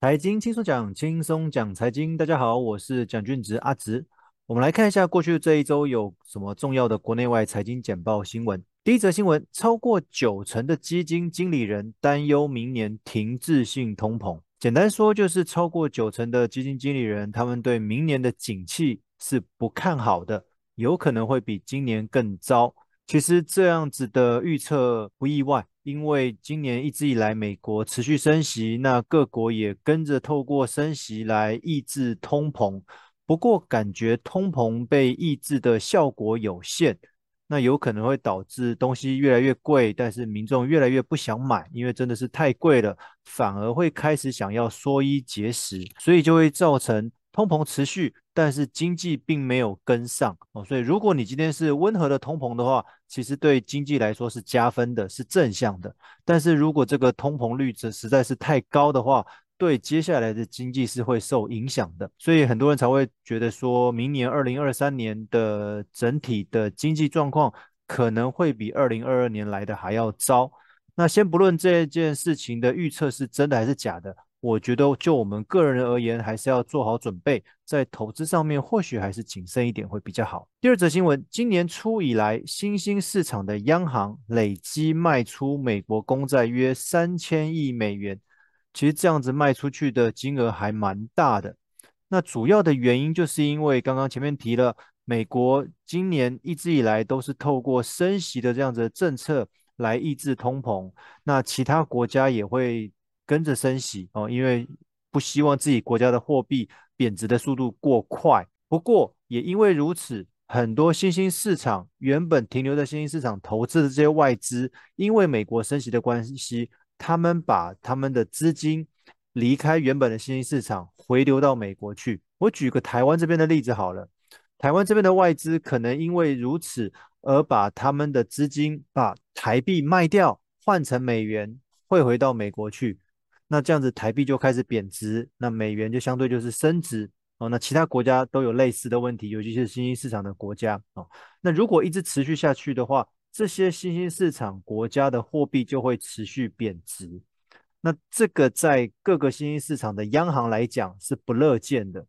財經輕鬆講，輕鬆講財經。大家好，我是蔣俊植阿植。我們來看一下過去這一周有什麼重要的國內外財經簡報新聞。第一則新聞：超過九成的基金經理人擔憂明年停滯性通膨。簡單說，就是超過九成的基金經理人，他們對明年的景氣是不看好的，有可能會比今年更糟。其實這樣子的預測不意外，因為今年一直以來美國持續升息，那各國也跟着透過升息來抑制通膨。不過感覺通膨被抑制的效果有限，那有可能會導致東西越來越貴，但是民眾越來越不想買，因為真的是太貴了，反而會開始想要縮衣節食，所以就會造成。通膨持續，但是經濟並沒有跟上哦，所以如果你今天是溫和的通膨的話，其實對經濟來說是加分的，是正向的。但是如果這個通膨率則實在是太高的話，對接下來的經濟是會受影響的。所以很多人才會覺得說，明年二零二三年的整體的經濟狀況可能會比二零二二年來的還要糟。那先不論這件事情的預測是真的還是假的。我覺得就我們個人而言，還是要做好準備，在投資上面或許還是謹慎一點會比較好。第二則新聞，今年初以來，新興市場的央行累積賣出美國公債約三千億美元。其實這樣子賣出去的金額還蠻大的。那主要的原因就是因為剛剛前面提了，美國今年一直以來都是透過升息的這樣子的政策來抑制通膨，那其他國家也會，跟着升息哦，因為不希望自己國家的貨幣貶值的速度過快。不過也因為如此，很多新興市場原本停留在新興市場投資的這些外資，因為美國升息的關係，他們把他們的資金離開原本的新興市場，回流到美國去。我舉個台灣這邊的例子好了，台灣這邊的外資可能因為如此而把他們的資金把台幣賣掉，換成美元，匯回到美國去。那這樣子台幣就開始貶值，那美元就相對就是升值哦。那其他國家都有類似的問題，尤其是新興市場的國家哦。那如果一直持續下去的話，這些新興市場國家的貨幣就會持續貶值。那這個在各個新興市場的央行來講是不樂見的，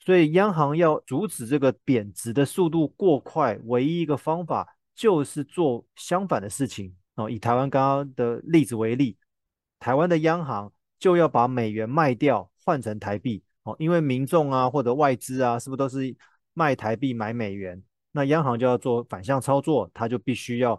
所以央行要阻止這個貶值的速度過快，唯一一個方法就是做相反的事情哦。以台灣剛剛的例子為例，台灣的央行。就要把美元賣掉換成台幣，哦，因為民眾啊或者外資啊，是不是都是賣台幣買美元？那央行就要做反向操作，他就必須要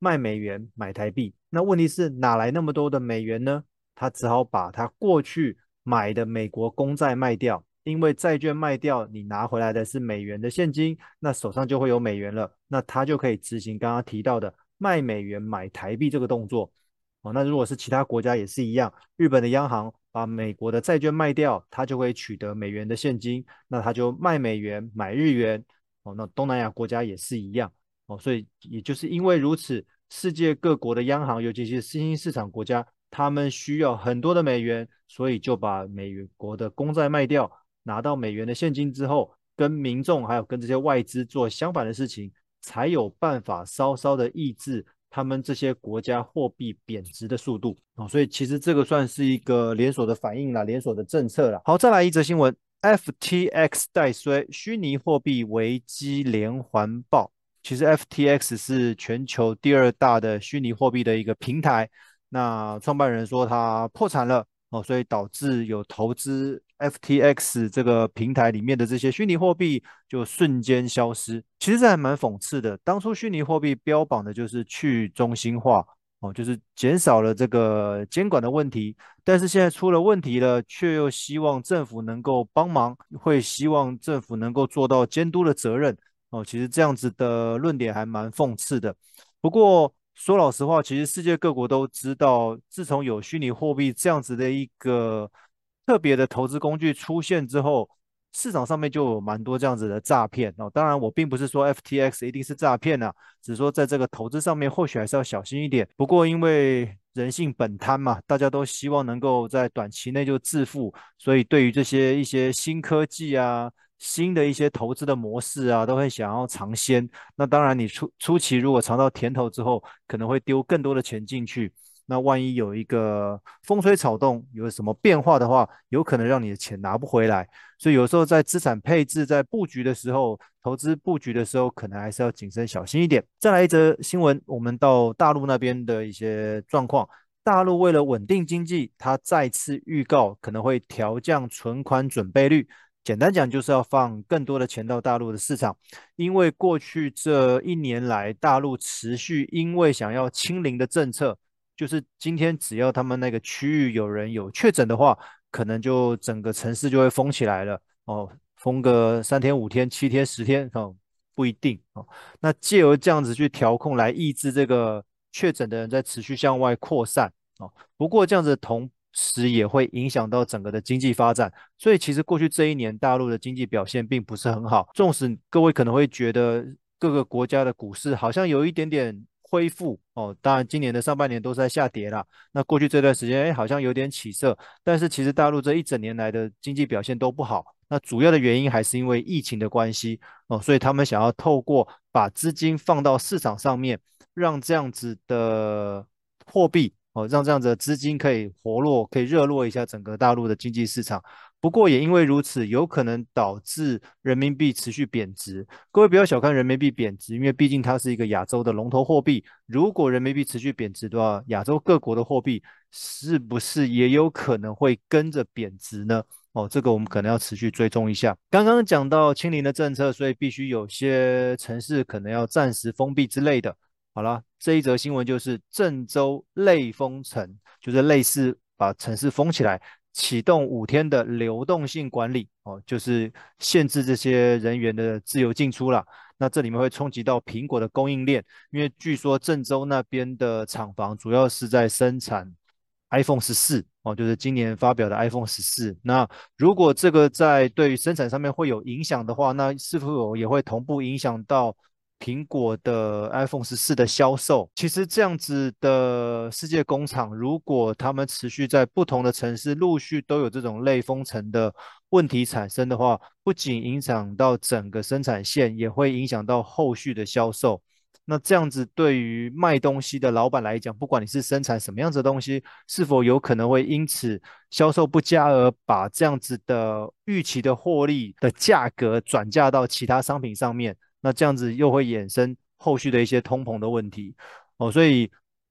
賣美元買台幣。那問題是哪來那麼多的美元呢？他只好把他過去買的美國公債賣掉，因為債券賣掉，你拿回來的是美元的現金，那手上就會有美元了，那他就可以執行剛剛提到的賣美元買台幣這個動作。哦，那如果是其他國家也是一樣，日本的央行把美國的債券賣掉，它就會取得美元的現金，那它就賣美元，買日元。哦，那東南亞國家也是一樣。哦，所以也就是因為如此，世界各國的央行，尤其是新興市場國家，他們需要很多的美元，所以就把美國的公債賣掉，拿到美元的現金之後，跟民眾還有跟這些外資做相反的事情，才有辦法稍稍的抑制。他們這些國家貨幣貶值的速度，哦，所以其實這個算是一個連鎖的反應啦，連鎖的政策啦。好，再來一則新聞，F T X 帶衰，虛擬貨幣危機連環爆。其實 F T X 是全球第二大的虛擬貨幣的一個平台，那創辦人說他破產了哦，所以導致有投資。FTX 這個平台裡面的這些虛擬貨幣就瞬間消失，其實這還蠻諷刺的。當初虛擬貨幣標榜的就是去中心化哦，就是減少了這個監管的問題，但是現在出了問題了，卻又希望政府能夠幫忙，會希望政府能夠做到監督的責任哦。其實這樣子的論點還蠻諷刺的。不過說老實話，其實世界各國都知道，自從有虛擬貨幣這樣子的一個。特別的投資工具出現之後，市場上面就有蠻多這樣子的詐騙。哦，當然我並不是說 FTX 一定是詐騙吶，只是說在這個投資上面或許還是要小心一點。不過因為人性本貪嘛，大家都希望能夠在短期內就致富，所以對於這些一些新科技啊、新的一些投資的模式啊，都很想要嘗鮮。那當然，你初初期如果嘗到甜頭之後，可能會丟更多的錢進去。那萬一有一個風吹草動，有什麼變化的話，有可能讓你的錢拿不回來。所以有時候在資產配置、在布局的時候，投資布局的時候，可能還是要謹慎小心一點。再來一則新聞，我們到大陸那邊的一些狀況。大陸為了穩定經濟，它再次預告可能會調降存款準備率。簡單講，就是要放更多的錢到大陸的市場，因為過去這一年來，大陸持續因為想要清零的政策。就是今天，只要他們那個區域有人有確診的話，可能就整個城市就會封起來了哦，封個三天、五天、七天、十天哦，不一定哦。那借由這樣子去調控來抑制這個確診的人在持續向外擴散哦。不過這樣子同時也會影響到整個的經濟發展，所以其實過去這一年大陸的經濟表現並不是很好。縱使各位可能會覺得各個國家的股市好像有一點點。恢復哦，當然今年的上半年都是在下跌了。那過去這段時間，哎，好像有點起色，但是其實大陸這一整年來的經濟表現都不好。那主要的原因還是因為疫情的關係哦，所以他們想要透過把資金放到市場上面，讓這樣子的貨幣哦，讓這樣子的資金可以活絡，可以熱絡一下整個大陸的經濟市場。不過也因為如此，有可能導致人民幣持續貶值。各位不要小看人民幣貶值，因為畢竟它是一個亞洲的龍頭貨幣。如果人民幣持續貶值的話，亞洲各國的貨幣是不是也有可能會跟着貶值呢？哦，這個我們可能要持續追蹤一下。剛剛講到清零的政策，所以必須有些城市可能要暫時封閉之類的。好了，這一則新聞就是鄭州類封城，就是類似把城市封起來。啟動五天的流動性管理哦，就是限制這些人員的自由進出啦。那這裡面會衝擊到蘋果的供應鏈，因為據說鄭州那邊的廠房主要是在生產 iPhone 十四哦，就是今年發表的 iPhone 十四。那如果這個在對於生產上面會有影響的話，那是否有也會同步影響到？蘋果的 iPhone 十四的銷售，其實這樣子的世界工廠，如果他們持續在不同的城市陸續都有這種類封城的問題產生的話，不僅影響到整個生產線，也會影響到後續的銷售。那這樣子對於賣東西的老闆來講，不管你是生產什麼樣子的東西，是否有可能會因此銷售不佳而把這樣子的預期的獲利的價格轉嫁到其他商品上面？那這樣子又會衍生後續的一些通膨的問題，哦，所以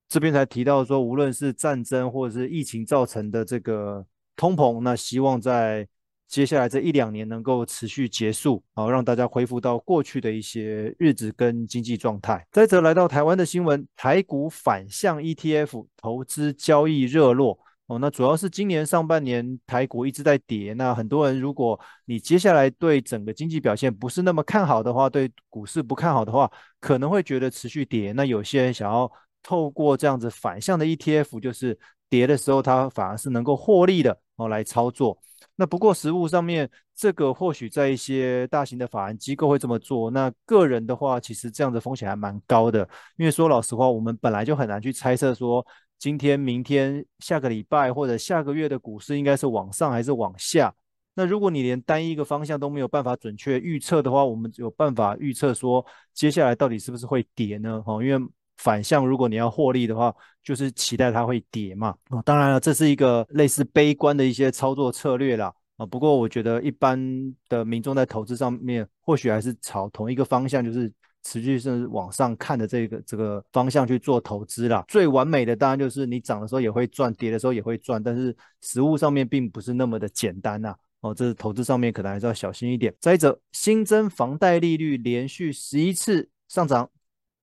這邊才提到說，無論是戰爭或者是疫情造成的這個通膨，那希望在接下來這一兩年能夠持續結束，哦，好讓大家恢復到過去的一些日子跟經濟狀態。再者，來到台灣的新聞，台股反向 ETF 投資交易熱絡。哦，那主要是今年上半年台股一直在跌，那很多人如果你接下來對整個經濟表現不是那麼看好的話，對股市不看好的話，可能會覺得持續跌。那有些人想要透過這樣子反向的 ETF，就是跌的時候它反而是能夠獲利的哦，來操作。那不過實務上面這個或許在一些大型的法人機構會這麼做，那個人的話其實這樣的風險還蠻高的，因為說老實話，我們本來就很難去猜測說。今天、明天、下個禮拜或者下個月的股市應該是往上還是往下？那如果你連單一個方向都沒有辦法準確預測的話，我們有辦法預測說接下來到底是不是會跌呢？哦，因為反向如果你要獲利的話，就是期待它會跌嘛。哦，當然了，這是一個類似悲觀的一些操作策略啦。啊，不過我覺得一般的民眾在投資上面或許還是朝同一個方向，就是。持續甚至往上看的這個這個方向去做投資啦，最完美的當然就是你漲的時候也會賺，跌的時候也會賺，但是實務上面並不是那麼的簡單吶、啊。哦，這是投資上面可能還是要小心一點。再者，新增房貸利率連續十一次上漲，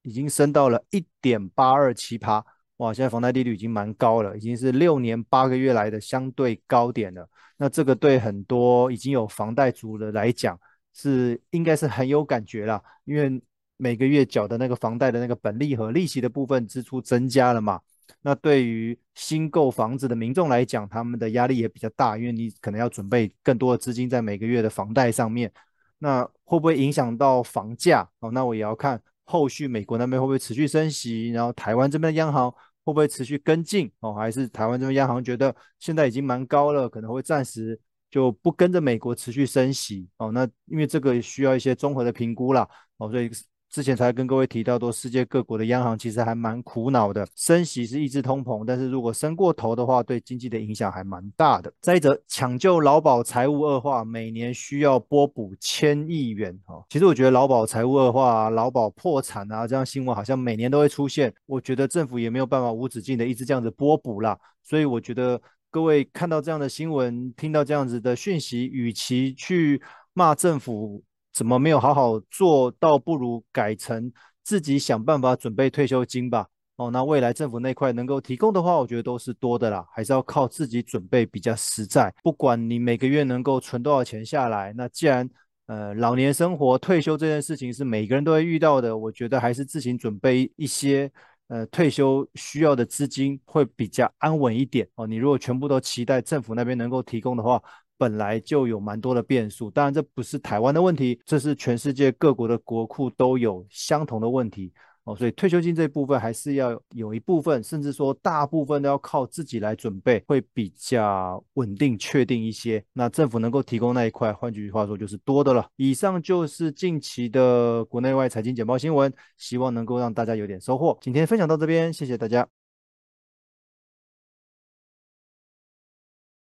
已經升到了一點八二七%。哇，現在房貸利率已經蠻高了，已經是六年八個月來的相對高點了。那這個對很多已經有房貸族的來講，是應該是很有感覺啦，因為。每個月繳的那個房貸的那個本利和利息的部分支出增加了嘛。那對於新購房子的民眾來講，他們的壓力也比較大，因為你可能要準備更多的資金在每個月的房貸上面。那會不會影響到房價？哦，那我也要看後續美國那邊會不會持續升息，然後台灣這邊的央行會不會持續跟進？哦，還是台灣這邊央行覺得現在已經蠻高了，可能會暫時就不跟着美國持續升息？哦，那因為這個需要一些綜合的評估啦。哦，所以。之前才跟各位提到，多世界各國的央行其實還蠻苦惱的，升息是抑制通膨，但是如果升過頭的話，對經濟的影響還蠻大的。再者，搶救勞保財務惡化，每年需要撥補千億元啊。其實我覺得勞保財務惡化、勞保破產啊，這樣新聞好像每年都會出現。我覺得政府也沒有辦法無止境的一直這樣子撥補啦。所以我覺得各位看到這樣的新聞，聽到這樣子的訊息，與其去罵政府。怎麼沒有好好做，倒不如改成自己想辦法準備退休金吧。哦，那未來政府那塊能夠提供的話，我覺得都是多的啦，還是要靠自己準備比較實在。不管你每個月能夠存多少錢下來，那既然呃老年生活退休這件事情是每個人都會遇到的，我覺得還是自行準備一些呃退休需要的資金會比較安穩一點哦。你如果全部都期待政府那邊能夠提供的話，本來就有蠻多的變數，當然這不是台灣的問題，這是全世界各國的國庫都有相同的問題哦，所以退休金這部分還是要有一部分，甚至說大部分都要靠自己來準備，會比較穩定確定一些。那政府能夠提供那一塊，換句話說就是多的了。以上就是近期的國內外財經簡報新聞，希望能夠讓大家有點收穫。今天分享到這邊，謝謝大家。